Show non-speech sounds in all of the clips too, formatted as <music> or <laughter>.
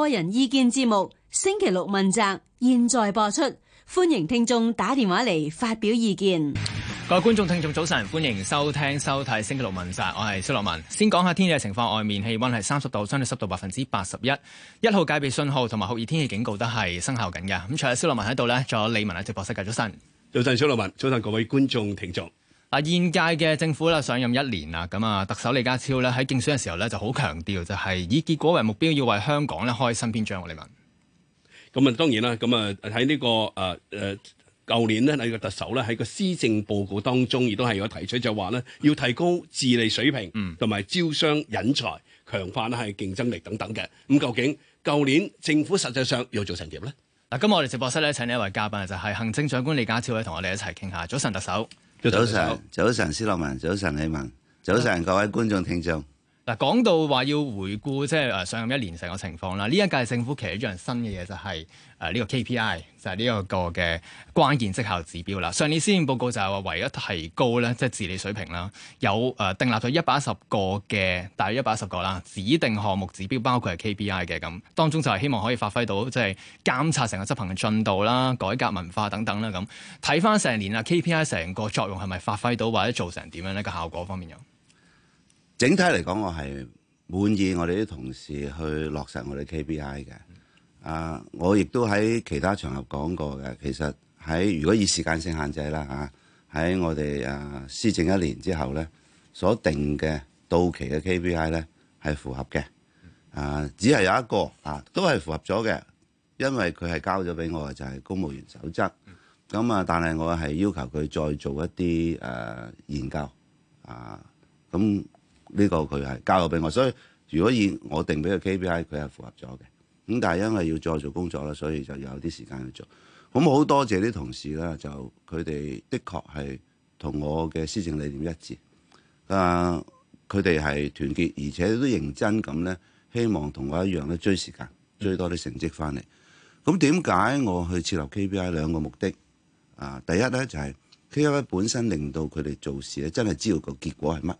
個人意見節目星期六問責，現在播出，歡迎聽眾打電話嚟發表意見。各位觀眾聽眾早晨，歡迎收聽收睇星期六問責，我係蕭樂文。先講下天氣情況，外面氣温係三十度，相對濕度百分之八十一，一號戒備信號同埋酷熱天氣警告都係生效緊嘅。咁除咗蕭樂文喺度呢，仲有李文喺直播室。繼續晨，早晨，蕭樂文早晨，各位觀眾聽眾。啊，現屆嘅政府啦，上任一年啦，咁啊，特首李家超咧喺競選嘅時候咧就好強調，就係以結果為目標，要為香港咧開新篇章。我哋問，咁啊，當然啦，咁啊喺呢個誒誒舊年呢喺個特首咧喺個施政報告當中，亦都係有提出就話咧要提高治理水平，同埋招商引才，強化咧係競爭力等等嘅。咁究竟舊年政府實際上要做成咩咧？嗱，今日我哋直播室咧請呢一位嘉賓就係行政長官李家超咧，同我哋一齊傾下。早晨，特首。早晨，走早晨，斯洛文，早晨，李文，早晨， <noise> 各位觀眾聽眾。嗱，講到話要回顧即係誒上任一年成個情況啦。呢一屆政府其實一樣新嘅嘢就係誒呢個 KPI，就係呢一個嘅關鍵績效指標啦。上年施政報告就係話唯一提高咧，即係治理水平啦，有誒訂立咗一百一十個嘅大約一百一十個啦，指定項目指標包括係 KPI 嘅咁，當中就係希望可以發揮到即係監察成個執行嘅進度啦、改革文化等等啦咁。睇翻成年啦，KPI 成個作用係咪發揮到或者做成點樣呢個效果方面有？整體嚟講，我係滿意我哋啲同事去落實我哋 KPI 嘅。啊，我亦都喺其他場合講過嘅。其實喺如果以時間性限制啦吓，喺、啊、我哋啊施政一年之後咧，所定嘅到期嘅 KPI 咧係符合嘅。啊，只係有一個啊，都係符合咗嘅，因為佢係交咗俾我嘅就係、是、公務員守則。咁啊，但係我係要求佢再做一啲誒、呃、研究啊，咁。呢個佢係交咗俾我，所以如果以我定俾佢 KPI，佢係符合咗嘅。咁但係因為要再做工作啦，所以就有啲時間去做。咁好多謝啲同事啦，就佢哋的確係同我嘅施政理念一致。啊，佢哋係團結，而且都認真咁咧，希望同我一樣咧追時間，追多啲成績翻嚟。咁點解我去設立 KPI 兩個目的？啊，第一咧就係 KPI 本身令到佢哋做事咧，真係知道個結果係乜。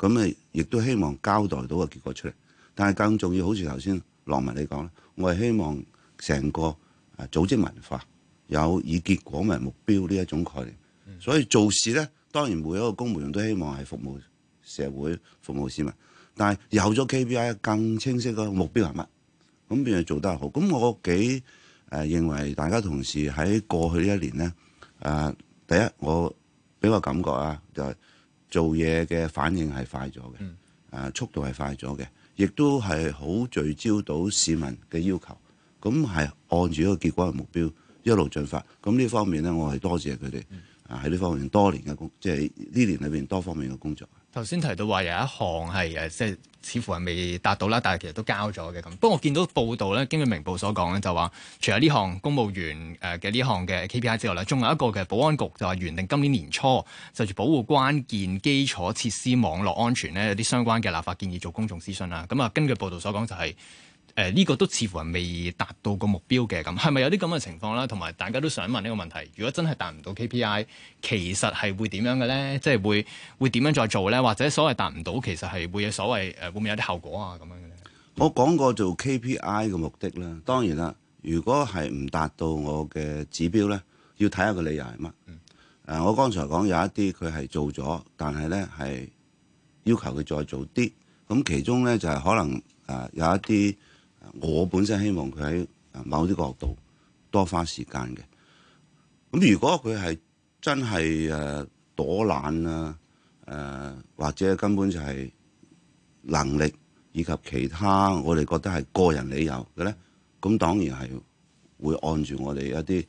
咁咪亦都希望交代到個結果出嚟。但係更重要好似頭先浪文你講咧，我係希望成個啊組織文化有以結果為目標呢一種概念，所以做事咧當然每一個公務員都希望係服務社會服務市民，但係有咗 KPI 更清晰個目標係乜，咁變係做得好。咁我幾誒認為，大家同事喺過去呢一年咧，誒第一我俾個感覺啊，就是，就係。做嘢嘅反應係快咗嘅，誒、啊、速度係快咗嘅，亦都係好聚焦到市民嘅要求。咁係按住一個結果嘅目標一路進發。咁呢方面咧，我係多謝佢哋，喺呢、嗯啊、方面多年嘅工，即係呢年裏邊多方面嘅工作。頭先提到話有一項係誒，即係似乎係未達到啦，但係其實都交咗嘅咁。不過我見到報道呢，根據明報所講呢就話除咗呢項公務員誒嘅呢項嘅 KPI 之外呢，仲有一個嘅保安局就話原定今年年初就住保護關鍵基礎設施網絡安全呢，有啲相關嘅立法建議做公眾諮詢啦。咁、嗯、啊，根據報道所講就係、是。誒呢、呃呢個都似乎係未達到個目標嘅咁，係咪有啲咁嘅情況啦？同埋大家都想問呢個問題，如果真係達唔到 KPI，其實係會點樣嘅咧？即係會會點樣再做咧？或者所謂達唔到，其實係會有所謂誒會唔會有啲效果啊咁樣嘅咧？我講過做 KPI 嘅目的咧，當然啦，如果係唔達到我嘅指標咧，要睇下個理由係乜。誒、嗯呃，我剛才講有一啲佢係做咗，但係咧係要求佢再做啲。咁其中咧就係、係、可能誒、呃、有一啲。我本身希望佢喺某啲角度多花時間嘅。咁如果佢係真係誒、呃、躲懶啊，誒、呃、或者根本就係能力以及其他我哋覺得係個人理由嘅咧，咁當然係會按住我哋一啲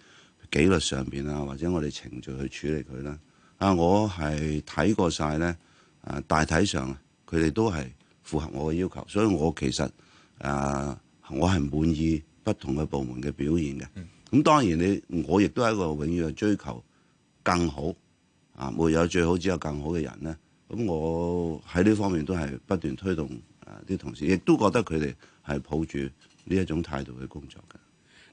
紀律上邊啊，或者我哋程序去處理佢啦。啊，我係睇過晒咧，啊、呃、大體上佢哋都係符合我嘅要求，所以我其實。啊！Uh, 我係滿意不同嘅部門嘅表現嘅。咁當然你我亦都係一個永遠追求更好啊！沒有最好，只有更好嘅人咧。咁我喺呢方面都係不斷推動誒啲、啊、同事，亦都覺得佢哋係抱住呢一種態度去工作嘅。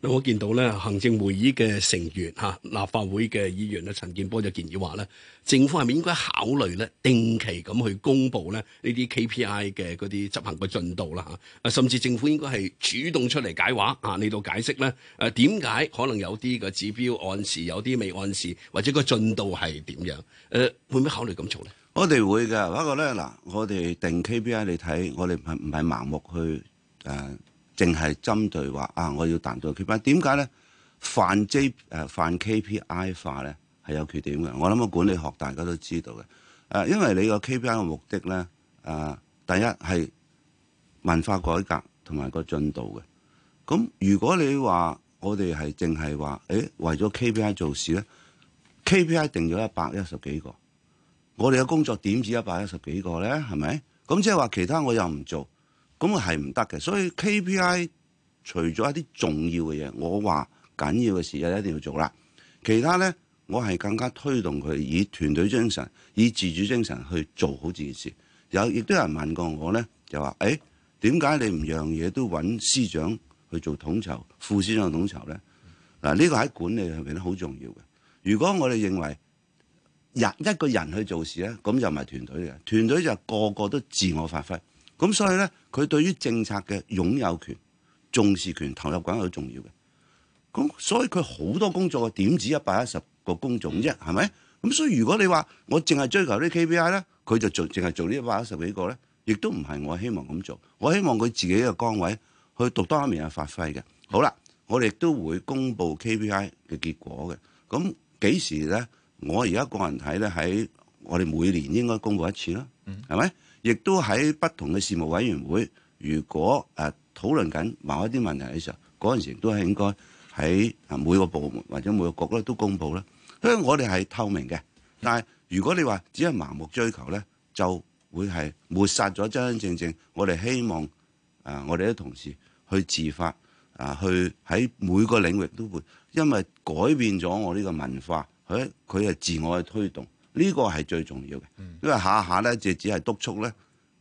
我見到咧，行政會議嘅成員嚇，立法會嘅議員咧，陳健波就建議話咧，政府係咪應該考慮咧定期咁去公布咧呢啲 KPI 嘅嗰啲執行嘅進度啦嚇？啊，甚至政府應該係主動出嚟解話啊，嚟到解釋咧誒點解可能有啲個指標按時，有啲未按時，或者個進度係點樣？誒會唔會考慮咁做咧？我哋會㗎，不過咧嗱，我哋定 KPI 嚟睇，我哋唔唔係盲目去誒。呃淨係針對話啊，我要達到 KPI，但係點解咧？泛 J 誒泛 KPI 化咧係有缺點嘅。我諗個管理學大家都知道嘅，誒、啊，因為你個 KPI 嘅目的咧，誒、啊，第一係文化改革同埋個進度嘅。咁如果你話我哋係淨係話，誒、哎，為咗 KPI 做事咧，KPI 定咗一百一十幾個，我哋嘅工作點止一百一十幾個咧？係咪？咁即係話其他我又唔做。咁我係唔得嘅，所以 KPI 除咗一啲重要嘅嘢，我話緊要嘅事咧，一定要做啦。其他呢，我係更加推動佢以團隊精神、以自主精神去做好自己事。有亦都有人問過我呢，就話，誒點解你唔讓嘢都揾司長去做統籌、副司長統籌呢？嗱、啊，呢、呢個喺管理上面咧好重要嘅。如果我哋認為人一個人去做事呢，咁就唔係團隊嘅。團隊就個個都自我發揮。咁所以呢。佢對於政策嘅擁有權、重視權、投入權係好重要嘅，咁所以佢好多工作嘅點止一百一十個工種啫，係咪？咁所以如果你話我淨係追求啲 KPI 咧，佢就做淨係做呢一百一十幾個咧，亦都唔係我希望咁做。我希望佢自己嘅崗位去獨當一面嘅發揮嘅。好啦，我哋亦都會公布 KPI 嘅結果嘅。咁幾時咧？我而家個人睇咧，喺我哋每年應該公布一次啦，係咪？嗯亦都喺不同嘅事務委員會，如果誒、呃、討論緊某一啲問題嘅時候，嗰陣時都係應該喺啊每個部門或者每個局咧都公佈啦。所以我哋係透明嘅，但係如果你話只係盲目追求咧，就會係抹殺咗真真正正我哋希望啊、呃，我哋啲同事去自發啊、呃，去喺每個領域都會，因為改變咗我呢個文化，佢佢係自我去推動。呢個係最重要嘅，因為下下咧就只係督促咧，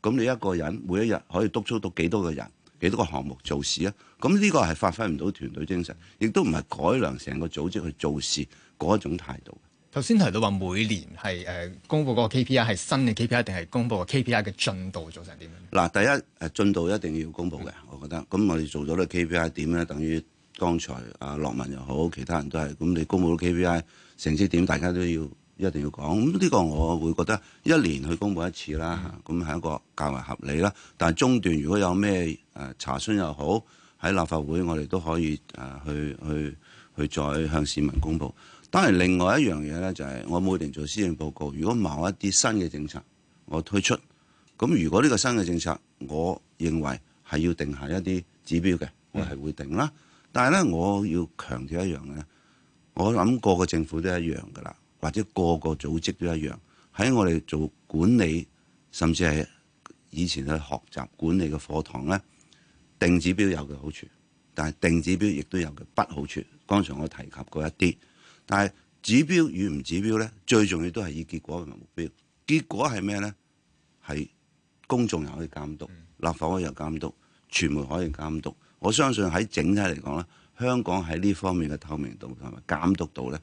咁你一個人每一日可以督促到幾多個人、幾多個項目做事啊？咁呢個係發揮唔到團隊精神，亦都唔係改良成個組織去做事嗰一種態度。頭先提到話每年係誒、呃、公佈個 KPI 係新嘅 KPI 定係公佈個 KPI 嘅進度做成點樣？嗱，第一誒進度一定要公佈嘅，嗯、我覺得。咁我哋做咗咧 KPI 點咧，等於剛才阿樂、呃、文又好，其他人都係咁，你公佈嘅 KPI 成績點，大家都要。一定要講咁呢、呢個，我會覺得一年去公布一次啦，咁係、嗯、一個較為合理啦。但係中段如果有咩誒、呃、查詢又好，喺立法會我哋都可以誒、呃、去去去、去再向市民公布。當然，另外一樣嘢呢，就係、是、我每年做施政報告，如果某一啲新嘅政策我推出，咁如果呢個新嘅政策我認為係要定下一啲指標嘅，嗯、我係會定啦。但係呢，我要強調一樣咧，我諗個個政府都係一樣噶啦。或者個個組織都一樣，喺我哋做管理，甚至係以前去學習管理嘅課堂呢，定指標有嘅好處，但係定指標亦都有嘅不好處。剛才我提及過一啲，但係指標與唔指標呢，最重要都係以結果為目標。結果係咩呢？係公眾可以監督，立法會監督，傳媒可以監督。我相信喺整體嚟講呢，香港喺呢方面嘅透明度同埋監督度呢。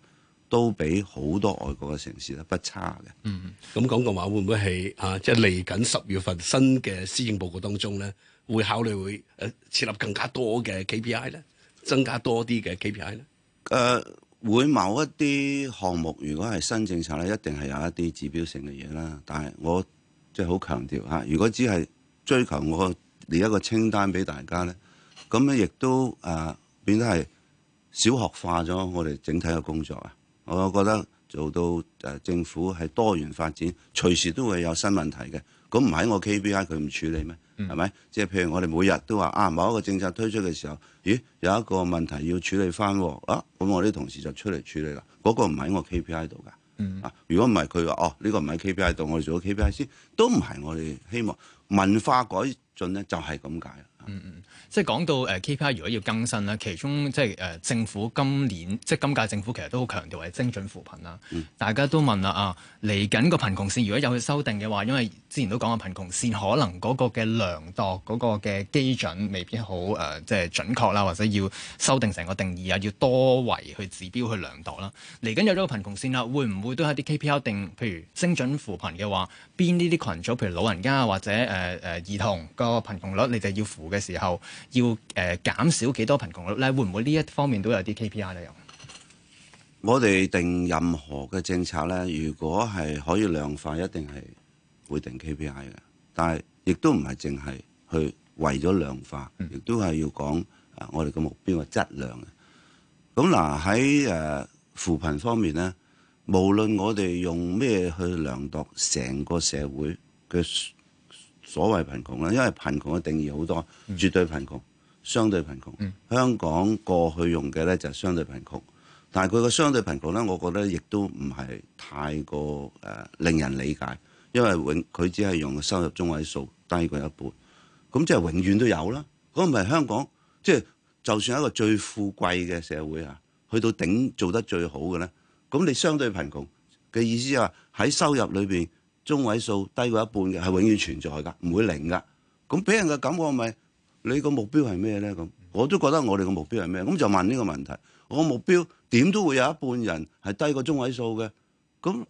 都比好多外國嘅城市咧，不差嘅，嗯嗯。嗯，咁講嘅話，會唔會係啊？即係嚟緊十月份新嘅施政報告當中咧，會考慮會誒設立更加多嘅 KPI 咧，增加多啲嘅 KPI 咧？誒，會某一啲項目，如果係新政策咧，一定係有一啲指標性嘅嘢啦。但係我即係好強調嚇，啊，如果只係追求我列一個清單俾大家咧，咁咧亦都誒、呃、變得係小學化咗我哋整體嘅工作啊！我覺得做到誒政府係多元發展，隨時都會有新問題嘅。咁唔係我 KPI 佢唔處理咩？係咪、嗯？即係譬如我哋每日都話啊，某一個政策推出嘅時候，咦有一個問題要處理返、哦、喎啊！咁我啲同事就出嚟處理啦。嗰、那個唔係我 KPI 度㗎。嗯、啊，如果唔係佢話哦，呢、啊這個唔係 KPI 度，我哋做 KPI 先，都唔係我哋希望文化改進咧，就係咁解。嗯嗯，即係講到誒 KPI 如果要更新啦，其中即係誒、呃、政府今年即係今屆政府其實都好強調係精準扶貧啦。嗯、大家都問啦啊，嚟緊個貧窮線如果有去修訂嘅話，因為之前都講過，貧窮線可能嗰個嘅量度嗰、嗰個嘅基準未必好誒、呃，即係準確啦，或者要修訂成個定義啊，要多維去指標去量度啦。嚟緊有咗個貧窮線啦，會唔會都係啲 KPI 定譬如精準扶貧嘅話，邊呢啲群組譬如老人家或者誒誒、呃、兒童個貧窮率你就要扶嘅時候要誒、呃、減少幾多貧窮率咧？會唔會呢一方面都有啲 KPI 內容？我哋定任何嘅政策咧，如果係可以量化，一定係會定 KPI 嘅。但係亦都唔係淨係去為咗量化，亦、嗯、都係要講啊，我哋嘅目標嘅質量嘅。咁嗱喺誒扶貧方面咧，無論我哋用咩去量度成個社會嘅。所謂貧窮啦，因為貧窮嘅定義好多，絕對貧窮、相對貧窮。嗯、香港過去用嘅呢就係、相對貧窮，但係佢個相對貧窮呢，我覺得亦都唔係太過誒、呃、令人理解，因為永佢只係用嘅收入中位數低過一半，咁即係永遠都有啦。咁唔係香港，即、就、係、係、就算一個最富貴嘅社會啊，去到頂做得最好嘅呢。咁你相對貧窮嘅意思係，喺收入裏邊。中位數低過一半嘅係永遠存在㗎，唔會零㗎。咁俾人嘅感覺咪、就是、你個目標係咩咧？咁我都覺得我哋嘅目標係咩？咁就問呢個問題。我目標點都會有一半人係低過中位數嘅。咁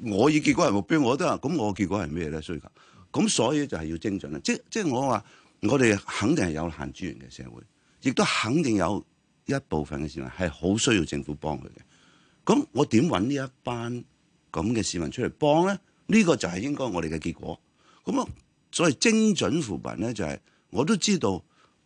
我以結果係目標，我都話咁我結果係咩咧？需求。咁所以就係要精準啦。即即我話我哋肯定係有限資源嘅社會，亦都肯定有一部分嘅市民係好需要政府幫佢嘅。咁我點揾呢一班咁嘅市民出嚟幫咧？呢個就係應該我哋嘅結果。咁啊，所謂精準扶貧呢，就係、是、我都知道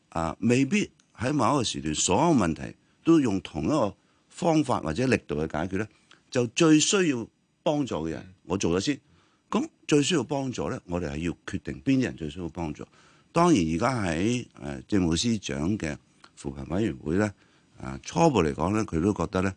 啊、呃，未必喺某一個時段，所有問題都用同一個方法或者力度去解決呢，就最需要幫助嘅人，我做咗先。咁最需要幫助呢，我哋係要決定邊啲人最需要幫助。當然而家喺誒政務司長嘅扶貧委員會呢，啊、呃、初步嚟講呢，佢都覺得呢，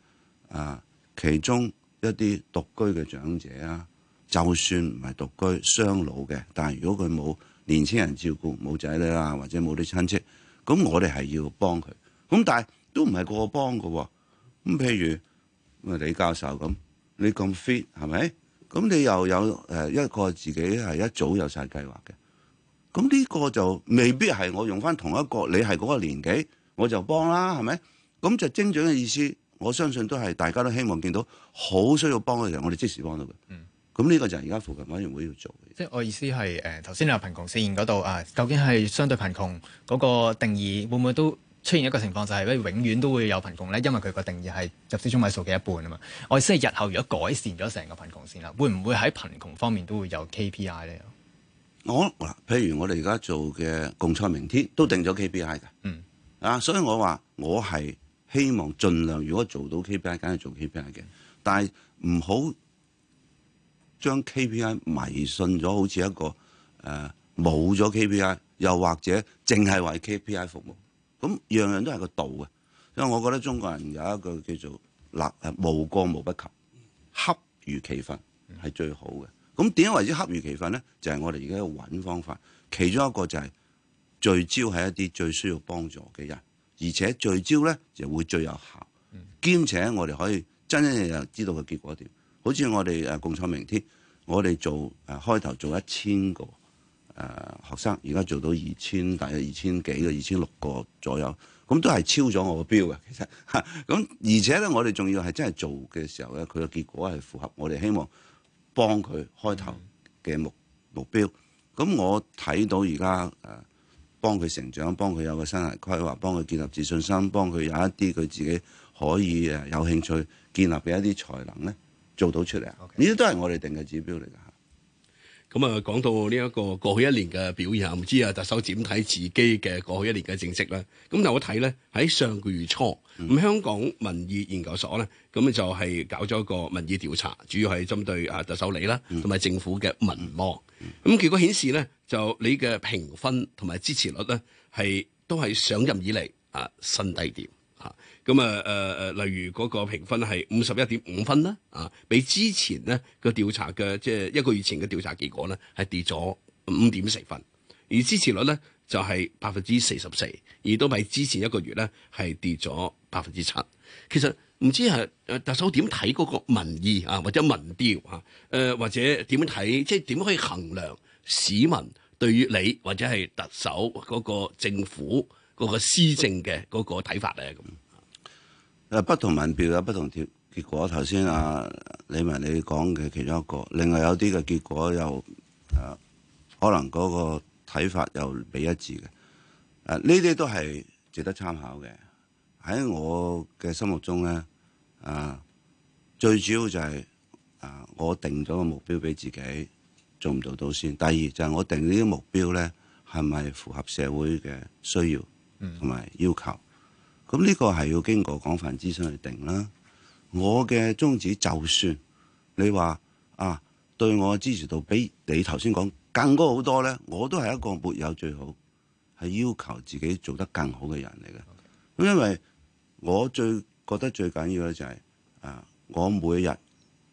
啊、呃，其中一啲獨居嘅長者啊。就算唔係獨居、雙老嘅，但係如果佢冇年青人照顧、冇仔女啊，或者冇啲親戚，咁我哋係要幫佢。咁但係都唔係個個幫㗎喎。咁譬如李教授咁，你咁 fit 係咪？咁你又有誒一個自己係一早有晒計劃嘅。咁呢個就未必係我用返同一個。你係嗰個年紀，我就幫啦，係咪？咁就精準嘅意思，我相信都係大家都希望見到好需要幫嘅人，我哋即時幫到佢。嗯。咁呢個就係而家扶貧委員會要做嘅。即係我意思係，誒、呃，頭先你話貧窮線嗰度啊，究竟係相對貧窮嗰個定義，會唔會都出現一個情況，就是，就係永遠都會有貧窮咧？因為佢個定義係入資中位數嘅一半啊嘛。我意思係日後如果改善咗成個貧窮線啦，會唔會喺貧窮方面都會有 KPI 咧？我嗱，哦，譬如我哋而家做嘅共創明天都定咗 KPI 嘅。嗯。啊，所以我話我係希望盡量如果做到 KPI，梗係做 KPI 嘅，但係唔好。.將 KPI 迷信咗，好似一個誒冇、呃、咗 KPI，又或者淨係為 KPI 服務，咁樣，樣樣都係個道嘅。所以我覺得中國人有一個叫做立誒無過無不及，恰如其分係最好嘅。咁點為之恰如其分咧？就係、是、我哋而家要揾方法，其中一個就係聚焦喺一啲最需要幫助嘅人，而且聚焦咧就會最有效，兼且我哋可以真真正知道嘅結果點。好似我哋誒共創明天，我哋做誒、啊、開頭做一千個誒、呃、學生，而家做到二千，大約二千幾個二千六個左右，咁都係超咗我個標嘅。其實咁、啊，而且咧，我哋仲要係真係做嘅時候咧，佢嘅結果係符合我哋希望幫佢開頭嘅目、嗯、目標。咁我睇到而家誒幫佢成長，幫佢有個生涯規劃，幫佢建立自信心，幫佢有一啲佢自己可以誒有興趣建立嘅一啲才能咧。做到出嚟啊！呢啲 Okay. 都係我哋定嘅指標嚟㗎吓。咁啊、嗯，講到呢一個過去一年嘅表現，唔知啊，特首點睇自己嘅過去一年嘅政績咧？咁但我睇咧喺上個月初，咁香港民意研究所咧，咁就係搞咗個民意調查，主要係針對啊特首你啦，同埋、嗯、政府嘅民望。咁結果顯示咧，就你嘅評分同埋支持率咧，係都係上任以嚟啊新低點。咁啊，誒誒、呃，例如嗰個評分係五十一點五分啦，啊，比之前呢個調查嘅即係一個月前嘅調查結果咧，係跌咗五點四分，而支持率咧就係百分之四十四，而都比之前一個月咧係跌咗百分之七。其實唔知係誒特首點睇嗰個民意啊，或者民調啊，誒或者點樣睇，即係點樣可以衡量市民對於你或者係特首嗰個政府嗰個施政嘅嗰個睇法咧咁。誒不同民調有不同結結果。頭先阿李文你講嘅其中一個，另外有啲嘅結果又誒、呃、可能嗰個睇法又唔一致嘅。誒呢啲都係值得參考嘅。喺我嘅心目中咧，誒、呃、最主要就係、是、誒、呃、我定咗個目標俾自己做唔做到先。第二就係、是、我定呢啲目標咧，係咪符合社會嘅需要同埋要求？嗯咁呢個係要經過廣泛諮詢去定啦。我嘅宗旨，就算你話啊，對我嘅支持度比你頭先講更高好多呢，我都係一個沒有最好，係要求自己做得更好嘅人嚟嘅。咁因為我最覺得最緊要咧就係啊，我每一日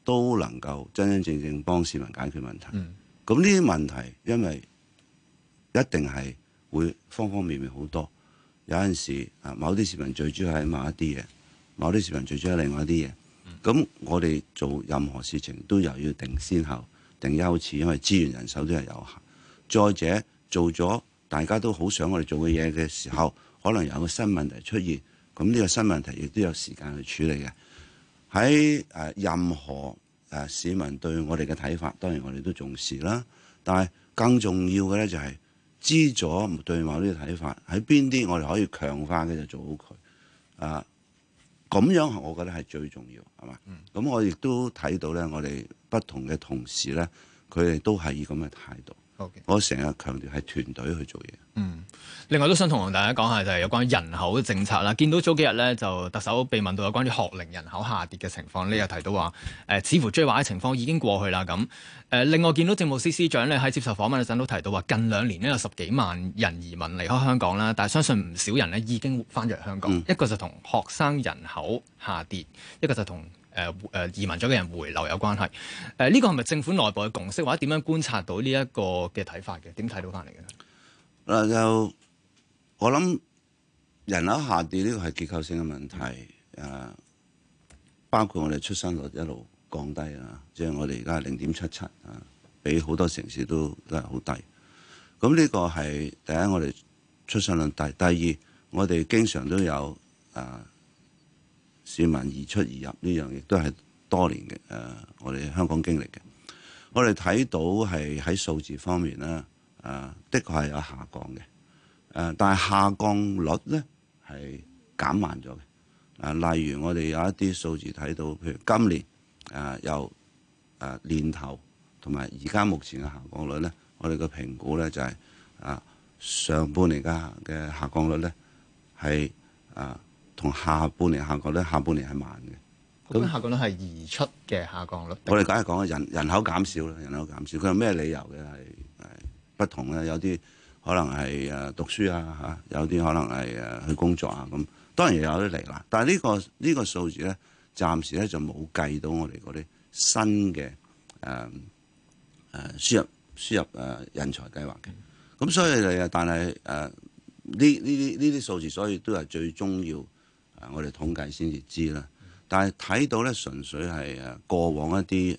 都能夠真真正正幫市民解決問題。咁呢啲問題，因為一定係會方方面面好多。有陣時啊，某啲市民最主要係某一啲嘢，某啲市民最主要係另外一啲嘢。咁我哋做任何事情都又要定先後、定優次，因為資源人手都係有限。再者，做咗大家都好想我哋做嘅嘢嘅時候，可能有個新問題出現。咁呢個新問題亦都有時間去處理嘅。喺誒任何誒市民對我哋嘅睇法，當然我哋都重視啦。但係更重要嘅咧就係、是。知咗唔對某啲睇法，喺邊啲我哋可以強化嘅就做好佢啊，咁樣我覺得係最重要，係嘛？咁、嗯、我亦都睇到咧，我哋不同嘅同事咧，佢哋都係以咁嘅態度。Okay. 我成日強調係團隊去做嘢。嗯，另外都想同大家講下就係有關人口嘅政策啦。見到早幾日呢，就特首被問到有關於學齡人口下跌嘅情況，你又提到話誒、呃、似乎最壞嘅情況已經過去啦咁。誒、呃、另外見到政務司司長咧喺接受訪問嗰陣都提到話近兩年咧有十幾萬人移民離開香港啦，但係相信唔少人呢，已經翻咗香港。嗯、一個就同學生人口下跌，一個就同。誒誒、呃、移民咗嘅人回流有關係，誒、呃、呢、呢個係咪政府內部嘅共識，或者點樣觀察到呢一個嘅睇法嘅？點睇到翻嚟嘅？就我諗人口下跌呢、呢個係結構性嘅問題，誒、嗯啊、包括我哋出生率一路降低啊，即係我哋而家係零點七七啊，比好多城市都都係好低。咁呢個係第一，我哋出生率低，第二我哋經常都有誒，啊市民而出而入呢樣亦都係多年嘅誒、呃，我哋香港經歷嘅。我哋睇到係喺數字方面呢，誒、呃、的確係有下降嘅，誒、呃、但係下降率呢係減慢咗嘅。誒、呃、例如我哋有一啲數字睇到，譬如今年誒、呃、由誒、呃、年頭同埋而家目前嘅下降率呢，我哋嘅評估呢就係、是、誒、呃、上半年嘅下降率呢係誒，同下半年下降率，下半年係慢嘅。咁下降率係移出嘅下降率。我哋梗係講啊，人人口減少啦，人口減少。佢有咩理由嘅係誒不同咧？有啲可能係誒讀書啊嚇，有啲可能係誒去工作啊咁。當然有啲嚟啦，但係、呢、呢個呢、呢個數字咧，暫時咧就冇計到我哋嗰啲新嘅誒誒輸入輸入誒人才計劃嘅。咁、嗯、所以你啊，但係誒呢呢啲呢啲數字，所以都係最重要。我哋統計先至知啦，但係睇到咧，純粹係誒過往一啲誒誒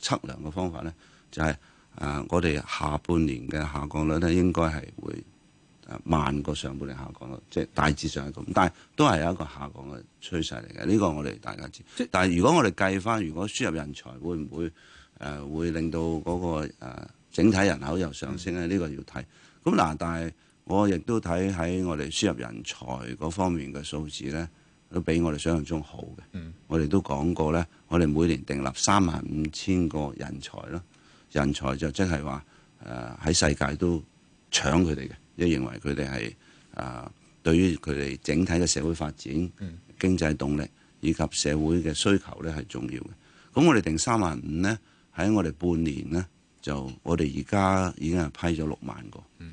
測量嘅方法咧，就係誒我哋下半年嘅下降率咧，應該係會慢過上半年下降咯。即係大致上係咁。但係都係有一個下降嘅趨勢嚟嘅，呢個我哋大家知。但係如果我哋計翻，如果輸入人才會唔會誒會令到嗰個整體人口又上升咧？呢個要睇。咁嗱，但係。我亦都睇喺我哋輸入人才嗰方面嘅數字呢，都比我哋想象中好嘅。嗯、我哋都講過呢，我哋每年訂立三萬五千個人才咯，人才就即係話誒喺世界都搶佢哋嘅，即係認為佢哋係誒對於佢哋整體嘅社會發展、嗯、經濟動力以及社會嘅需求呢係重要嘅。咁我哋定三萬五呢，喺我哋半年呢，就我哋而家已經係批咗六萬個。嗯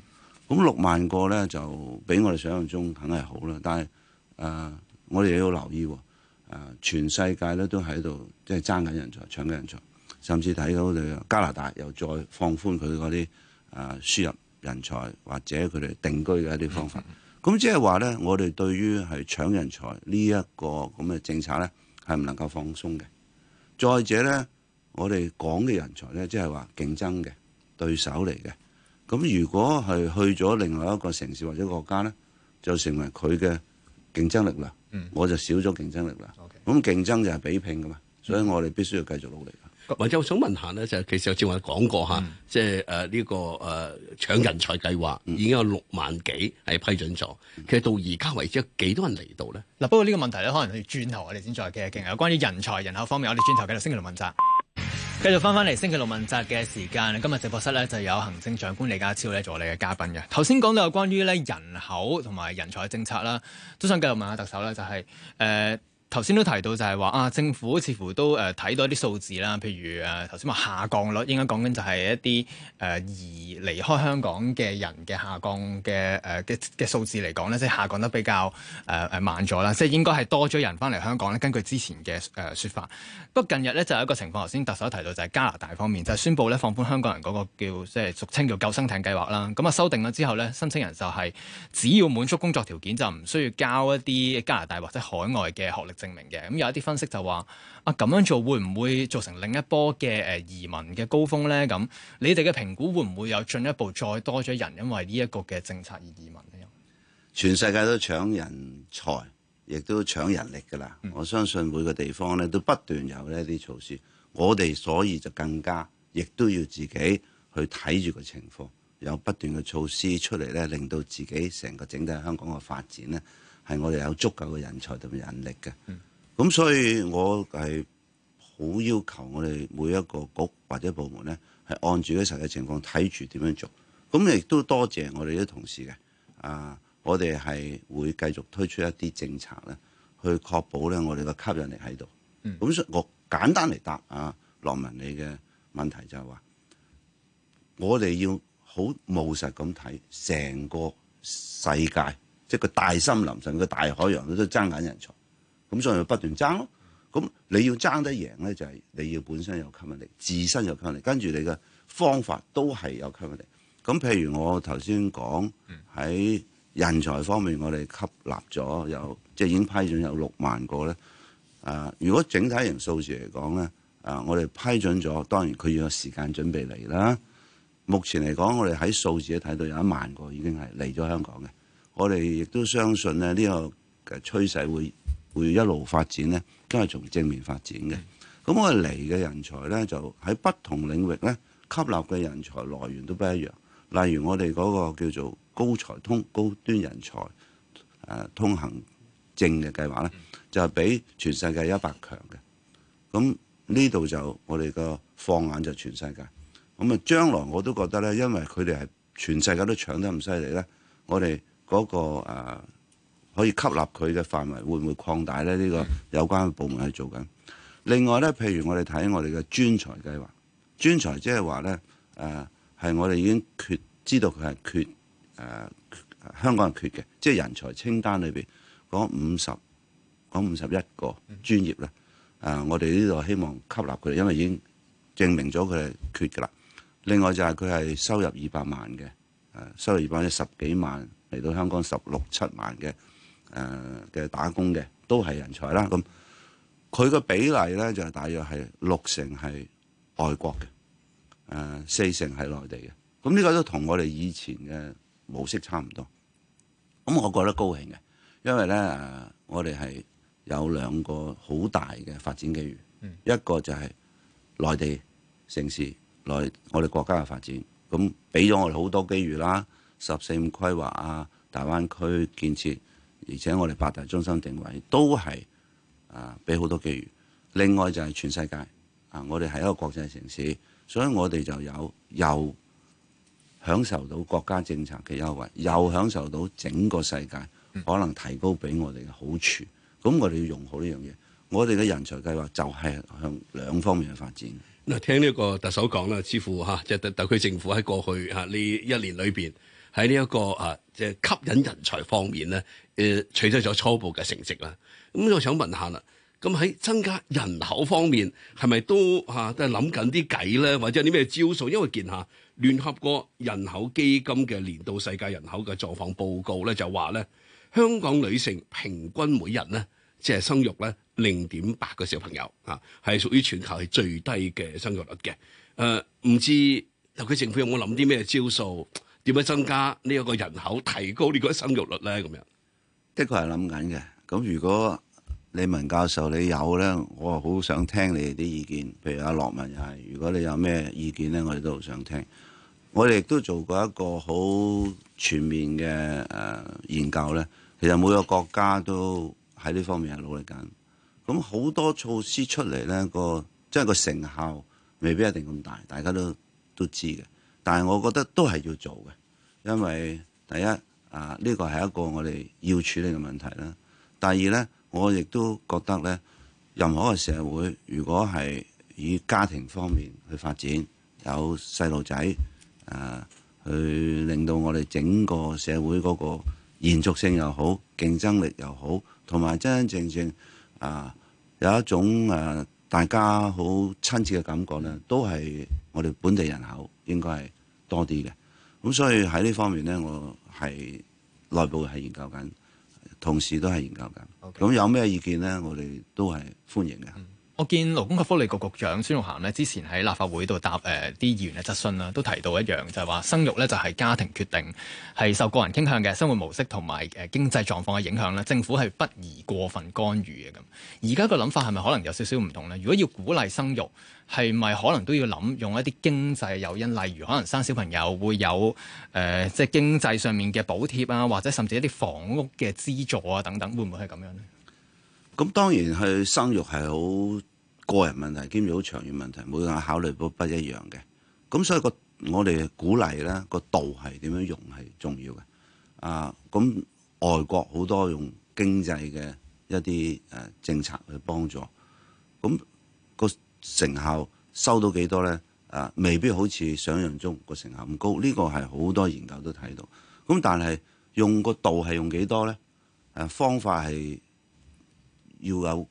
咁六萬個咧就比我哋想象中肯定好啦，但係誒、呃、我哋要留意喎、呃，全世界咧都喺度即係爭緊人才、搶緊人才，甚至睇到佢加拿大又再放寬佢嗰啲誒輸入人才或者佢哋定居嘅一啲方法。咁即係話咧，我哋對於係搶人才呢一個咁嘅政策咧，係唔能夠放鬆嘅。再者咧，我哋講嘅人才咧，即係話競爭嘅對手嚟嘅。咁如果係去咗另外一個城市或者國家咧，就成為佢嘅競爭力啦。嗯，我就少咗競爭力啦。OK，咁競爭就係比拼㗎嘛，所以我哋必須要繼續努力。或者我想問下咧，就其實照我講過嚇，即係誒呢個誒搶人才計劃已經有六萬幾係批准咗。其實到而家為止有幾多人嚟到咧？嗱，不過呢個問題咧，可能要轉頭我哋先再傾。傾下關於人才人口方面，我哋轉頭繼續星期六問責。繼續翻返嚟星期六問責嘅時間，今日直播室咧就有行政長官李家超咧做我哋嘅嘉賓嘅。頭先講到關於咧人口同埋人才政策啦，都想繼續問下特首咧，就係、是、誒。呃頭先都提到就係話啊，政府似乎都誒睇、呃、到啲數字啦，譬如誒頭先話下降率應該，應該講緊就係一啲誒而離開香港嘅人嘅下降嘅誒嘅嘅數字嚟講咧，即係下降得比較誒誒、呃、慢咗啦，即係應該係多咗人返嚟香港咧。根據之前嘅誒説法，不過近日咧就有一個情況，頭先特首提到就係、是、加拿大方面就是、宣布咧放寬香港人嗰個叫即係俗稱叫救生艇計劃啦。咁啊修訂咗之後咧，申請人就係只要滿足工作條件就唔需要交一啲加拿大或者海外嘅學歷。證明嘅咁、嗯、有一啲分析就話啊咁樣做會唔會造成另一波嘅誒、呃、移民嘅高峰呢？咁你哋嘅評估會唔會有進一步再多咗人因為呢一個嘅政策而移民咧？全世界都搶人才，亦都搶人力噶啦。嗯、我相信每個地方咧都不斷有呢啲措施。我哋所以就更加亦都要自己去睇住個情況，有不斷嘅措施出嚟咧，令到自己成個整體香港嘅發展咧，係我哋有足夠嘅人才同埋人力嘅，咁、嗯、所以我係好要求我哋每一個局或者部門咧，係按住嗰實際情況睇住點樣做。咁亦都多謝我哋啲同事嘅。啊，我哋係會繼續推出一啲政策咧，去確保咧我哋個吸引力喺度。咁、嗯、所以我簡單嚟答啊，羅文你嘅問題就係、是、話，我哋要好務實咁睇成個世界。即係個大森林成個大海洋都爭緊人才，咁所以不斷爭咯。咁你要爭得贏咧，就係、是、你要本身有吸引力，自身有吸引力，跟住你嘅方法都係有吸引力。咁譬如我頭先講喺人才方面，我哋吸納咗有即係已經批准有六萬個咧。啊、呃，如果整體型數字嚟講咧，啊、呃，我哋批准咗，當然佢要有時間準備嚟啦。目前嚟講，我哋喺數字睇到有一萬個已經係嚟咗香港嘅。我哋亦都相信咧，呢個嘅趨勢會會一路發展呢，都係從正面發展嘅。咁我嚟嘅人才呢，就喺不同領域呢，吸納嘅人才來源都不一樣。例如我哋嗰個叫做高才通高端人才誒、啊、通行證嘅計劃呢，就係俾全世界一百強嘅。咁呢度就我哋個放眼就全世界。咁啊，將來我都覺得呢，因為佢哋係全世界都搶得咁犀利呢。我哋。嗰、那個、呃、可以吸納佢嘅範圍會唔會擴大咧？呢、這個有關部門係做緊。另外咧，譬如我哋睇我哋嘅專才計劃，專才即係話咧，誒係我哋已經缺，知道佢係缺，誒香港係缺嘅，即係人才清單裏邊講五十五十一個專業咧。誒、呃，我哋呢度希望吸納佢哋，因為已經證明咗佢係缺㗎啦。另外就係佢係收入二百萬嘅，誒、呃、收入二百萬即係十幾萬。嚟到香港十六七萬嘅誒嘅打工嘅都係人才啦，咁佢個比例咧就係、是、大約係六成係外國嘅，誒、呃、四成係內地嘅，咁、嗯、呢、這個都同我哋以前嘅模式差唔多。咁、嗯、我覺得高興嘅，因為咧我哋係有兩個好大嘅發展機遇，嗯、一個就係內地城市內我哋國家嘅發展，咁俾咗我哋好多機遇啦。十四五規劃啊，大灣區建設，而且我哋八大中心定位都係啊，俾好多機遇。另外就係全世界啊，我哋係一個國際城市，所以我哋就有又享受到國家政策嘅優惠，又享受到整個世界可能提高俾我哋嘅好處。咁、嗯、我哋要用好呢樣嘢，我哋嘅人才計劃就係向兩方面嘅發展。嗱，聽呢個特首講啦，似乎嚇即係特區政府喺過去嚇呢、啊、一年裏邊。喺呢一個啊，即係吸引人才方面咧，誒取得咗初步嘅成績啦。咁我想問下啦，咁喺增加人口方面，係咪都啊都係諗緊啲計咧，或者有啲咩招數？因為見下聯合國人口基金嘅年度世界人口嘅狀況報告咧，就話咧香港女性平均每人咧即係生育咧零點八個小朋友啊，係屬於全球係最低嘅生育率嘅。誒唔知特區政府有冇諗啲咩招數？點樣增加呢個人口，提高呢個生育率呢？咁樣的確係諗緊嘅。咁如果李文教授你有呢，我好想聽你哋啲意見。譬如阿樂文又係，如果你有咩意見呢，我哋都好想聽。我哋亦都做過一個好全面嘅誒研究呢。其實每個國家都喺呢方面係努力緊。咁好多措施出嚟呢，個即係個成效未必一定咁大，大家都都知嘅。但係，我覺得都係要做嘅，因為第一啊，呢個係一個我哋要處理嘅問題啦。第二呢，我亦都覺得呢，任何一個社會，如果係以家庭方面去發展，有細路仔，誒、啊，去令到我哋整個社會嗰個延續性又好，競爭力又好，同埋真真正正啊，有一種誒、啊、大家好親切嘅感覺呢，都係我哋本地人口應該係多啲嘅，咁所以喺呢方面咧，我係內部係研究緊，同時都係研究緊，咁 Okay. 有咩意見咧？我哋都係歡迎嘅。嗯我見勞工及福利局局長孫玉菡咧，之前喺立法會度答誒啲、呃、議員嘅質詢啦，都提到一樣就係、是、話生育咧就係家庭決定，係受個人傾向嘅生活模式同埋誒經濟狀況嘅影響咧，政府係不宜過分干預嘅咁。而家個諗法係咪可能有少少唔同咧？如果要鼓勵生育，係咪可能都要諗用一啲經濟誘因，例如可能生小朋友會有誒、呃、即係經濟上面嘅補貼啊，或者甚至一啲房屋嘅資助啊等等，會唔會係咁樣呢？咁當然係生育係好個人問題，兼住好長遠問題，每個人考慮都不一樣嘅。咁所以個我哋鼓勵咧，個度係點樣用係重要嘅。啊，咁外國好多用經濟嘅一啲誒政策去幫助，咁個成效收到幾多咧？啊，未必好似想象中個成效唔高，呢個係好多研究都睇到。咁但係用個度係用幾多咧？誒、啊、方法係。要有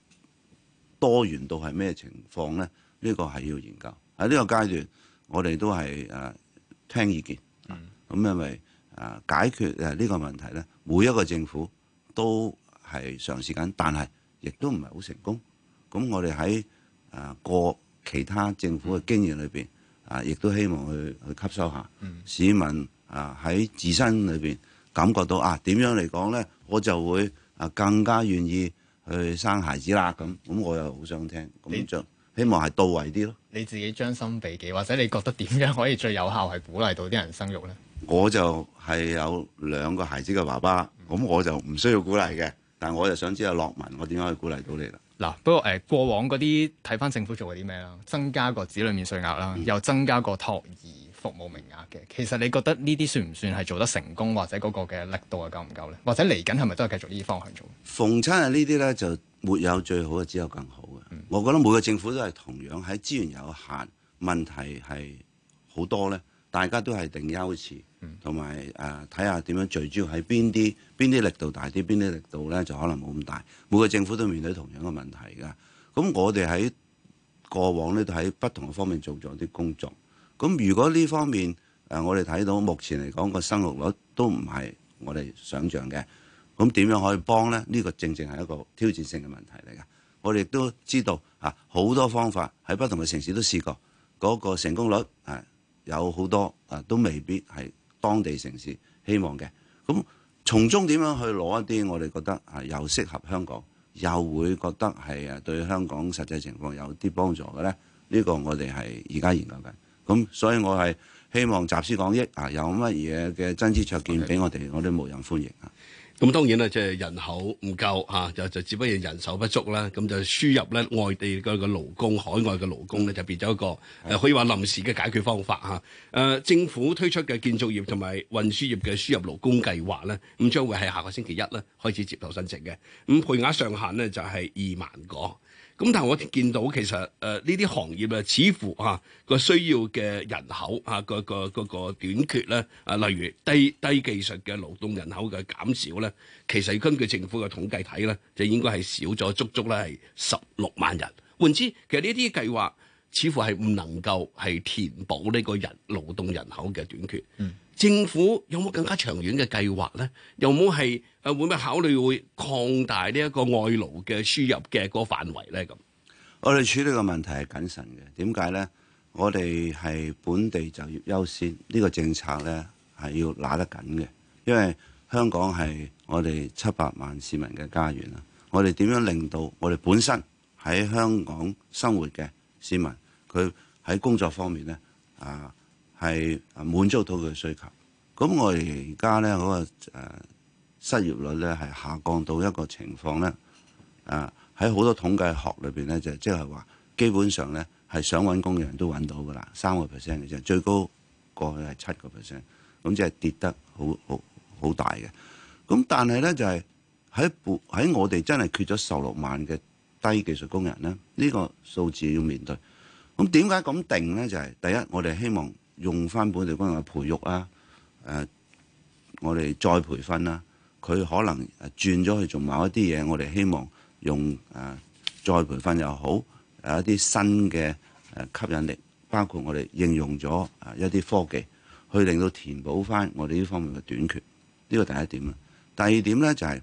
多元度係咩情況呢？呢、這個係要研究，喺呢個階段，我哋都係誒、呃、聽意見。咁、啊、因為誒、呃、解決誒呢個問題呢，每一個政府都係嘗試緊，但係亦都唔係好成功。咁我哋喺誒過其他政府嘅經驗裏邊，啊，亦都希望去去吸收下、嗯、市民啊喺、呃、自身裏邊感覺到啊點樣嚟講呢？我就會啊更加願意。去生孩子啦，咁咁我又好想聽，咁就希望係到位啲咯。你自己將心比己，或者你覺得點樣可以最有效係鼓勵到啲人生育呢？我就係有兩個孩子嘅爸爸，咁我就唔需要鼓勵嘅，但我就想知道樂文，我點樣可以鼓勵到你啦？嗱，不過誒、呃，過往嗰啲睇翻政府做過啲咩啦？增加個子女免稅額啦，嗯、又增加個托兒。服務名額嘅，其實你覺得呢啲算唔算係做得成功，或者嗰個嘅力度係夠唔夠呢？或者嚟緊係咪都係繼續呢方向做？逢親啊，呢啲呢，就沒有最好嘅，只有更好嘅。嗯、我覺得每個政府都係同樣喺資源有限，問題係好多呢，大家都係定優次。同埋誒睇下點樣最主要喺邊啲，邊啲力度大啲，邊啲力度呢，就可能冇咁大。每個政府都面對同樣嘅問題噶，咁我哋喺過往呢都喺不同嘅方面做咗啲工作。咁如果呢方面誒、啊，我哋睇到目前嚟講個生育率都唔係我哋想象嘅，咁點樣可以幫呢？呢個正正係一個挑戰性嘅問題嚟㗎。我哋都知道嚇好、啊、多方法喺不同嘅城市都試過，嗰個成功率係、啊、有好多啊，都未必係當地城市希望嘅。咁從中點樣去攞一啲我哋覺得係、啊啊、又適合香港，又會覺得係啊對香港實際情況有啲幫助嘅呢？呢個我哋係而家研究緊。咁所以，我係希望集思廣益啊，有乜嘢嘅真知灼見俾我哋，我都無人歡迎 Okay.、就是、人啊。咁當然啦，即係人口唔夠吓，就就只不過人手不足啦。咁、啊、就輸入咧外地嗰個勞工，海外嘅勞工咧就變咗一個誒的、呃、可以話臨時嘅解決方法吓。誒、啊，政府推出嘅建造業同埋運輸業嘅輸入勞工計劃咧，咁、啊、將會係下個星期一咧開始接受申請嘅。咁、啊、配額上限咧就係二萬個。咁但係我見到其實誒呢啲行業啊，似乎嚇個需要嘅人口嚇、啊、個個個，個短缺咧，啊例如低低技術嘅勞動人口嘅減少咧，其實根據政府嘅統計睇咧，就應該係少咗足足咧係十六萬人。換之，其實呢啲計劃似乎係唔能夠係填補呢個人勞動人口嘅短缺。嗯。政府有冇更加長遠嘅計劃呢？有冇係誒會唔會考慮會擴大呢一個外勞嘅輸入嘅個範圍呢？咁我哋處理個問題係謹慎嘅，點解呢？我哋係本地就業優先呢、呢個政策呢係要拿得緊嘅，因為香港係我哋七百萬市民嘅家園啊！我哋點樣令到我哋本身喺香港生活嘅市民，佢喺工作方面呢？啊？係滿足到佢嘅需求，咁我哋而家咧嗰個失業率咧係下降到一個情況咧，啊喺好多統計學裏邊咧就即係話，基本上咧係想揾工嘅人都揾到噶啦，三個 percent 嘅啫，最高過去係七個 percent，咁即係跌得好好好大嘅。咁但係咧就係喺喺我哋真係缺咗十六萬嘅低技術工人咧，呢個數字要面對。咁點解咁定咧？就係第一，我哋希望。用翻本地工人嘅培育啊！誒、啊，我哋再培訓啦、啊。佢可能轉咗去做某一啲嘢，我哋希望用誒、啊、再培訓又好，有一啲新嘅吸引力，包括我哋應用咗一啲科技，去令到填補翻我哋呢方面嘅短缺。呢個第一點啦。第二點呢，就係、是、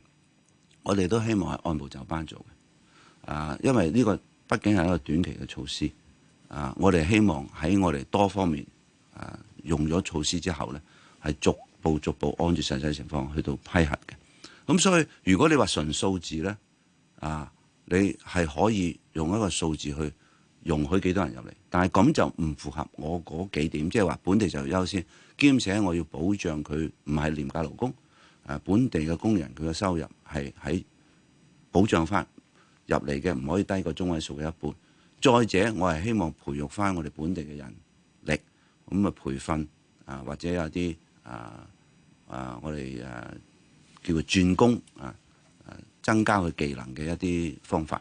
我哋都希望係按部就班做嘅。啊，因為呢個畢竟係一個短期嘅措施。啊，我哋希望喺我哋多方面。啊、用咗措施之後呢，係逐步逐步按照實際情況去到批核嘅。咁、啊、所以如果你話純數字呢，啊，你係可以用一個數字去容許幾多人入嚟，但係咁就唔符合我嗰幾點，即係話本地就優先，兼且我要保障佢唔係廉價勞工。啊、本地嘅工人佢嘅收入係喺保障翻入嚟嘅，唔可以低過中位數嘅一半。再者，我係希望培育翻我哋本地嘅人。咁啊，培訓，啊，或者有啲啊啊，我哋誒、啊、叫做轉工啊，誒、啊、增加佢技能嘅一啲方法。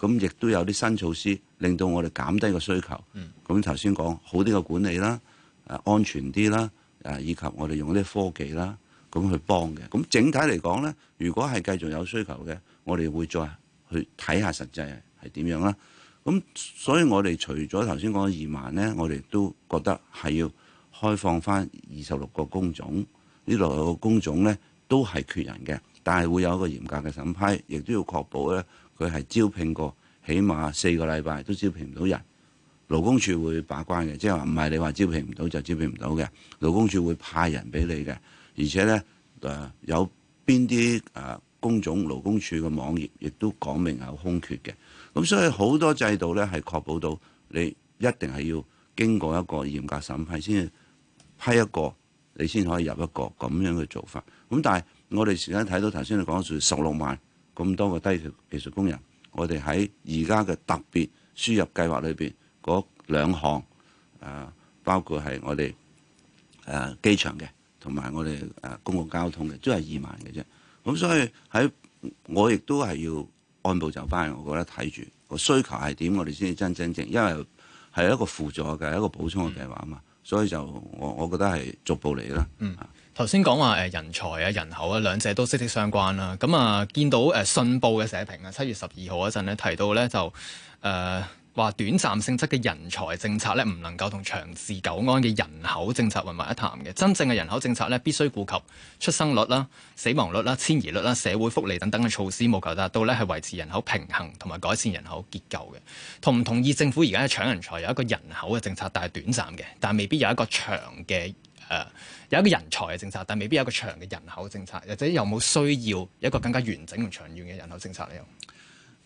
咁、啊、亦都有啲新措施，令到我哋減低個需求。咁頭先講好啲嘅管理啦，誒、啊、安全啲啦，誒、啊、以及我哋用啲科技啦，咁、啊、去幫嘅。咁、啊、整體嚟講咧，如果係繼續有需求嘅，我哋會再去睇下實際係點樣啦。咁所以我哋除咗頭先講二萬呢，我哋都覺得係要開放翻二十六個工種，呢度有個工種呢都係缺人嘅，但係會有一個嚴格嘅審批，亦都要確保呢，佢係招聘過，起碼四個禮拜都招聘唔到人。勞工處會把關嘅，即係話唔係你話招聘唔到就招聘唔到嘅，勞工處會派人俾你嘅，而且呢，誒有邊啲誒工種，勞工處嘅網頁亦都講明係空缺嘅。咁所以好多制度咧，係確保到你一定係要經過一個嚴格審批先批一個，你先可以入一個咁樣嘅做法。咁但係我哋時間睇到頭先你講到十六萬咁多個低技術工人，我哋喺而家嘅特別輸入計劃裏邊嗰兩項啊，包括係我哋誒機場嘅，同埋我哋誒公共交通嘅，都係二萬嘅啫。咁所以喺我亦都係要。按部就班，我覺得睇住個需求係點，我哋先至真真正正，因為係一個輔助嘅一個補充嘅計劃啊嘛，所以就我我覺得係逐步嚟啦。嗯，頭先講話誒人才啊、人口啊兩者都息息相關啦。咁啊，見到誒信報嘅社評啊，七月十二號嗰陣咧提到咧就誒。呃話短暫性質嘅人才政策咧，唔能夠同長治久安嘅人口政策混為一談嘅。真正嘅人口政策咧，必須顧及出生率啦、死亡率啦、遷移率啦、社會福利等等嘅措施，目標達到咧係維持人口平衡同埋改善人口結構嘅。同唔同意政府而家嘅搶人才有一個人口嘅政策，但係短暫嘅，但係未必有一個長嘅誒、呃，有一個人才嘅政策，但係未必有一個長嘅人口政策，或者有冇需要有一個更加完整同長遠嘅人口政策呢？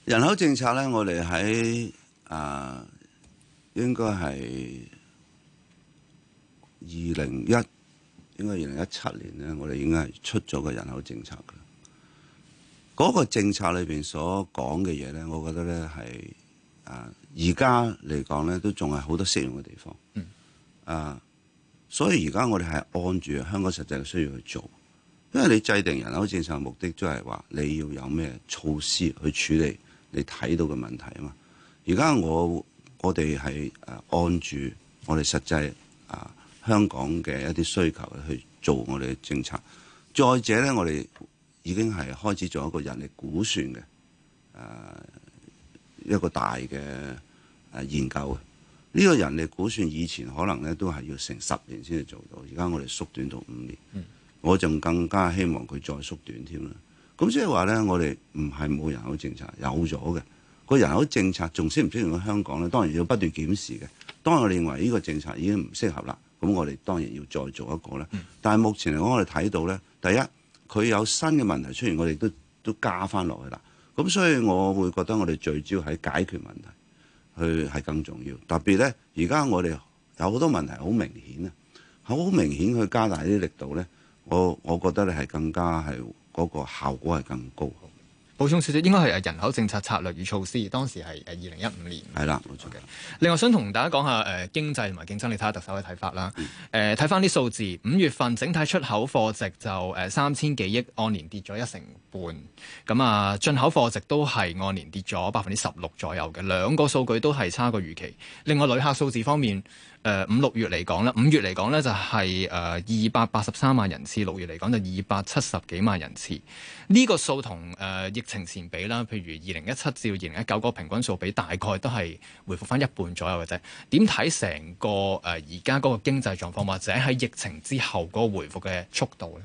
人口政策咧，我哋喺啊，uh, 應該係二零一，應該二零一七年咧，我哋應該係出咗個人口政策嘅。嗰、那個政策裏邊所講嘅嘢咧，我覺得咧係啊，而家嚟講咧都仲係好多適用嘅地方。啊、uh，所以而家我哋係按住香港實際嘅需要去做，因為你制定人口政策嘅目的，都係話你要有咩措施去處理你睇到嘅問題啊嘛。而家我我哋係誒按住我哋實際啊、呃、香港嘅一啲需求去做我哋嘅政策，再者咧我哋已經係開始做一個人力估算嘅誒、呃、一個大嘅誒、呃、研究啊！呢、呢個人力估算以前可能咧都係要成十年先至做到，而家我哋縮短到五年，我仲更加希望佢再縮短添啦。咁即係話咧，我哋唔係冇人口政策，有咗嘅。個人口政策仲適唔適應到香港咧？當然要不斷檢視嘅。當然我認為呢個政策已經唔適合啦，咁我哋當然要再做一個咧。嗯、但係目前嚟講，我哋睇到咧，第一佢有新嘅問題出現，我哋都都加翻落去啦。咁所以我會覺得我哋聚焦喺解決問題去，去係更重要。特別咧，而家我哋有好多問題好明顯啊，好明顯去加大啲力度咧。我我覺得咧係更加係嗰、那個效果係更高。補充少少，應該係人口政策策略與措施，當時係二零一五年。係啦，冇錯嘅。另外想同大家講下誒經濟同埋競爭力。睇下特首嘅睇法啦。誒睇翻啲數字，五月份整體出口貨值就誒、呃、三千幾億，按年跌咗一成半。咁啊，進口貨值都係按年跌咗百分之十六左右嘅，兩個數據都係差過預期。另外旅客數字方面。誒五、呃、六月嚟講咧，五月嚟講咧就係誒二百八十三萬人次，六月嚟講就二百七十幾萬人次。呢、這個數同誒疫情前比啦，譬如二零一七至二零一九個平均數比，大概都係回復翻一半左右嘅啫。點睇成個誒而家嗰個經濟狀況，或者喺疫情之後嗰個回復嘅速度咧？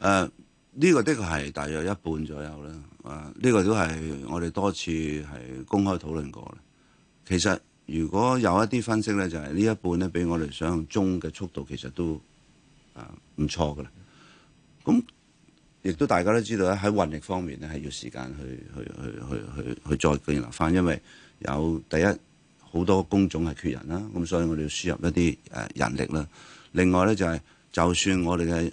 誒呢、呃呢個的確係大約一半左右啦。啊、呃，呢、呢個都係我哋多次係公開討論過啦。其實。如果有一啲分析咧，就係、是、呢一半咧，比我哋想象中嘅速度其實都啊唔錯㗎喇。咁、呃、亦都大家都知道咧，喺運力方面咧，係要時間去去去去去去，去再建立返，因為有第一好多工種係缺人啦，咁所以我哋要輸入一啲誒、呃、人力啦。另外咧就係、是、就算我哋嘅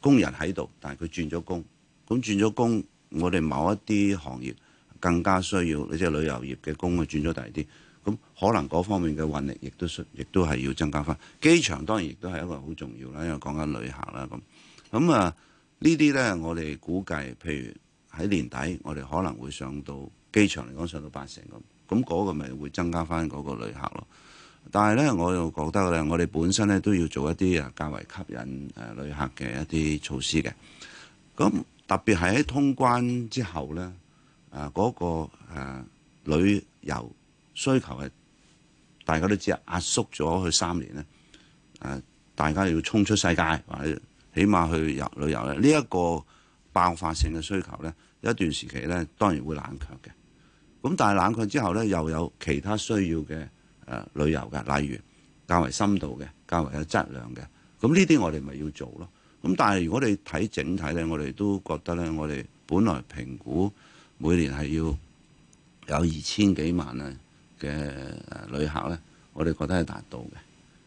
工人喺度，但係佢轉咗工，咁轉咗工，我哋某一啲行業更加需要，你即旅遊業嘅工去轉咗大啲。可能嗰方面嘅運力亦都亦都係要增加翻，機場當然亦都係一個好重要啦，因為講緊旅客啦咁。咁啊呢啲呢，我哋估計，譬如喺年底，我哋可能會上到機場嚟講上到八成咁。咁嗰個咪會增加翻嗰個旅客咯。但係呢，我又覺得呢，我哋本身呢都要做一啲啊較為吸引誒旅客嘅一啲措施嘅。咁特別係喺通關之後呢，嗰、嗰個誒、呃、旅遊。需求係大家都知，壓縮咗去三年咧，誒，大家要衝出世界，或者起碼去遊旅遊咧，呢、這、一個爆發性嘅需求咧，一段時期咧，當然會冷卻嘅。咁但係冷卻之後咧，又有其他需要嘅誒旅遊㗎，例如較為深度嘅、較為有質量嘅。咁呢啲我哋咪要做咯。咁但係如果你睇整體咧，我哋都覺得咧，我哋本來評估每年係要有二千幾萬啊。嘅旅客咧，我哋覺得係達到嘅。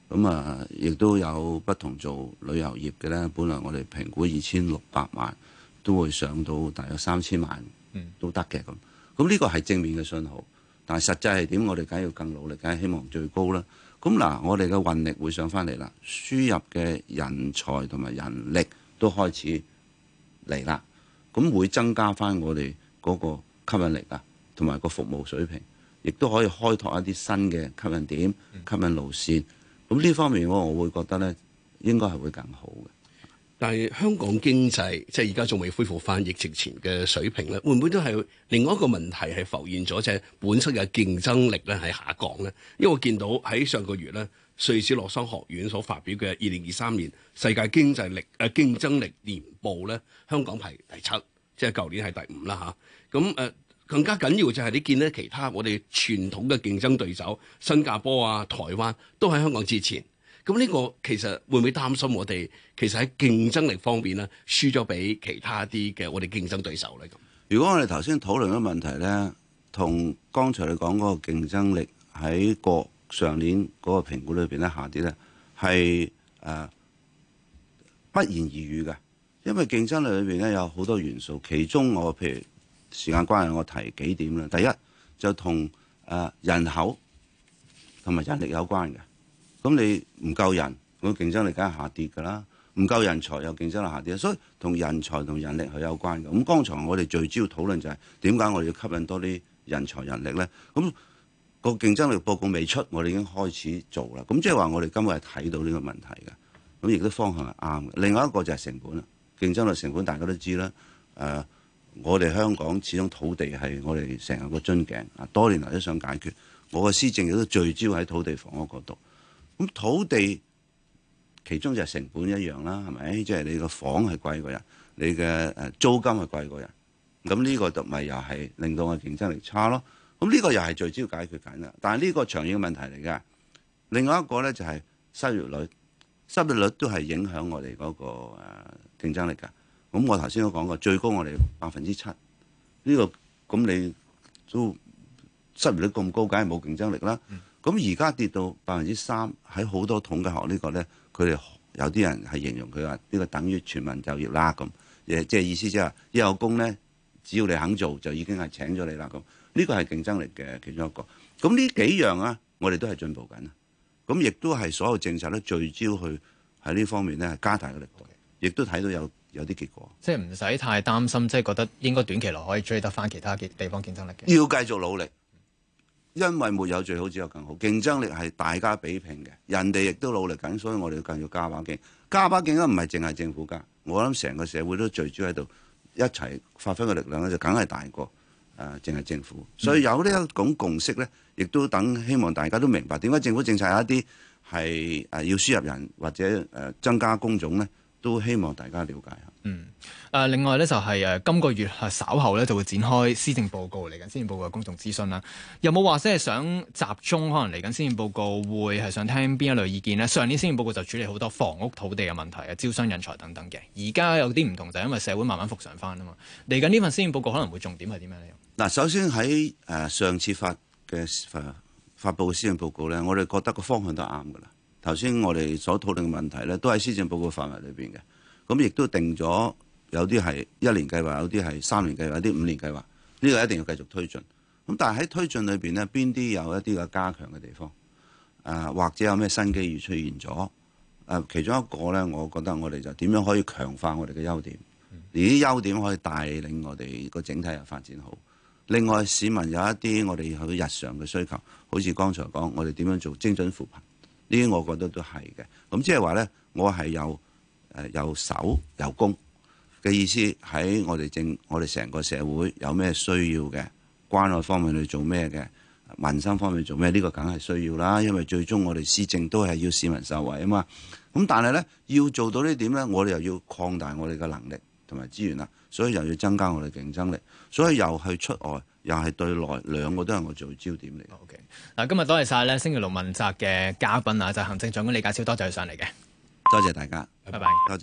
咁、嗯、啊，亦都有不同做旅遊業嘅咧。本來我哋評估二千六百萬都會上到大約三千萬都得嘅咁。咁呢個係正面嘅信號，但係實際係點？我哋梗要更努力，梗係希望最高啦。咁、嗯、嗱，我哋嘅運力會上翻嚟啦，輸入嘅人才同埋人力都開始嚟啦，咁會增加翻我哋嗰個吸引力啊，同埋個服務水平。亦都可以開拓一啲新嘅吸引點，吸引路線。咁呢方面我我會覺得咧，應該係會更好嘅。但係香港經濟即係而家仲未恢復翻疫情前嘅水平咧，會唔會都係另外一個問題，係浮現咗，即係本身嘅競爭力咧係下降咧？因為我見到喺上個月咧，瑞士洛桑學院所發表嘅二零二三年世界經濟力誒、呃、競爭力年報咧，香港排第七，即係舊年係第五啦吓咁誒。更加緊要就係你見到其他我哋傳統嘅競爭對手，新加坡啊、台灣都喺香港之前。咁呢個其實會唔會擔心我哋其實喺競爭力方面咧，輸咗俾其他啲嘅我哋競爭對手咧？咁如果我哋頭先討論嘅問題咧，同剛才你講嗰個競爭力喺個上年嗰個評估裏邊咧下跌咧，係誒不言而喻嘅，因為競爭力裏邊咧有好多元素，其中我譬如。時間關係，我提幾點啦。第一就同誒、呃、人口同埋人力有關嘅。咁你唔夠人，個競爭力梗係下跌㗎啦。唔夠人才有競爭力下跌，所以同人才同人力係有關嘅。咁剛才我哋最主要討論就係點解我哋要吸引多啲人才人力咧？咁、嗰個競爭力報告未出，我哋已經開始做啦。咁即係話我哋今日係睇到呢個問題嘅。咁亦都方向係啱嘅。另外一個就係成本啊，競爭力成本大家都知啦。誒、呃。我哋香港始終土地係我哋成日個樽頸，啊多年嚟都想解決。我嘅施政亦都聚焦喺土地房屋嗰度。咁土地其中就係成本一樣啦，係咪？即係你個房係貴過人，你嘅誒租金係貴過人。咁呢個都咪又係令到我競爭力差咯。咁呢個又係聚焦解決緊嘅。但係呢個長遠問題嚟㗎。另外一個咧就係收入率，收入率都係影響我哋嗰個誒競爭力㗎。咁我頭先都講過，最高我哋百分之七，呢個咁你都失業率咁高，梗係冇競爭力啦。咁而家跌到百分之三，喺好多統計學呢個咧，佢哋有啲人係形容佢話呢個等於全民就業啦。咁誒，即係意思即係話，有工咧，只要你肯做，就已經係請咗你啦。咁呢個係競爭力嘅其中一個。咁呢幾樣啊，我哋都係進步緊。咁亦都係所有政策咧聚焦去喺呢方面咧係加大嘅力度，亦 Okay. 都睇到有。有啲結果，即係唔使太擔心，即係覺得應該短期內可以追得翻其他嘅地方競爭力嘅。要繼續努力，因為沒有最好，只有更好。競爭力係大家比拼嘅，人哋亦都努力緊，所以我哋更要加把勁。加把勁都唔係淨係政府㗎，我諗成個社會都聚焦喺度一齊發揮個力量咧，就梗係大過啊！呃、淨係政府，所以有呢一種共識咧，亦都等希望大家都明白點解政府政策有一啲係誒要輸入人或者誒、呃、增加工種咧。都希望大家了解下。嗯，誒、啊、另外咧就係、是、誒、啊、今個月係、啊、稍後咧就會展開施政報告嚟緊，施政報告嘅公眾諮詢啦。有冇話即係想集中？可能嚟緊施政報告會係想聽邊一類意見呢？上年施政報告就處理好多房屋、土地嘅問題啊、招商、人才等等嘅。而家有啲唔同就係因為社會慢慢復常返啊嘛。嚟緊呢份施政報告可能會重點係點樣呢？嗱、啊，首先喺誒、呃、上次發嘅發發布嘅施政報告咧，我哋覺得個方向都啱㗎啦。頭先我哋所討論嘅問題咧，都喺施政報告範圍裏邊嘅。咁亦都定咗有啲係一年計劃，有啲係三年計劃，有啲五年計劃。呢個一定要繼續推進。咁但係喺推進裏邊呢，邊啲有一啲嘅加強嘅地方？啊，或者有咩新機遇出現咗？啊，其中一個呢，我覺得我哋就點樣可以強化我哋嘅優點，而啲優點可以帶領我哋個整體又發展好。另外市民有一啲我哋去日常嘅需求，好似剛才講，我哋點樣做精準扶貧？呢啲我覺得都係嘅，咁即係話呢，我係有誒、呃、有守有攻嘅意思喺我哋政，我哋成個社會有咩需要嘅，關愛方面去做咩嘅，民生方面做咩？呢、呢個梗係需要啦，因為最終我哋施政都係要市民受惠啊嘛。咁但係呢，要做到呢點呢，我哋又要擴大我哋嘅能力同埋資源啦，所以又要增加我哋競爭力，所以又去出外。又係對內兩個都係我做焦點嚟嘅。OK，嗱今日多謝晒咧星期六問責嘅嘉賓啊，就行政長官李家超多謝佢上嚟嘅。多謝大家，拜拜。謝謝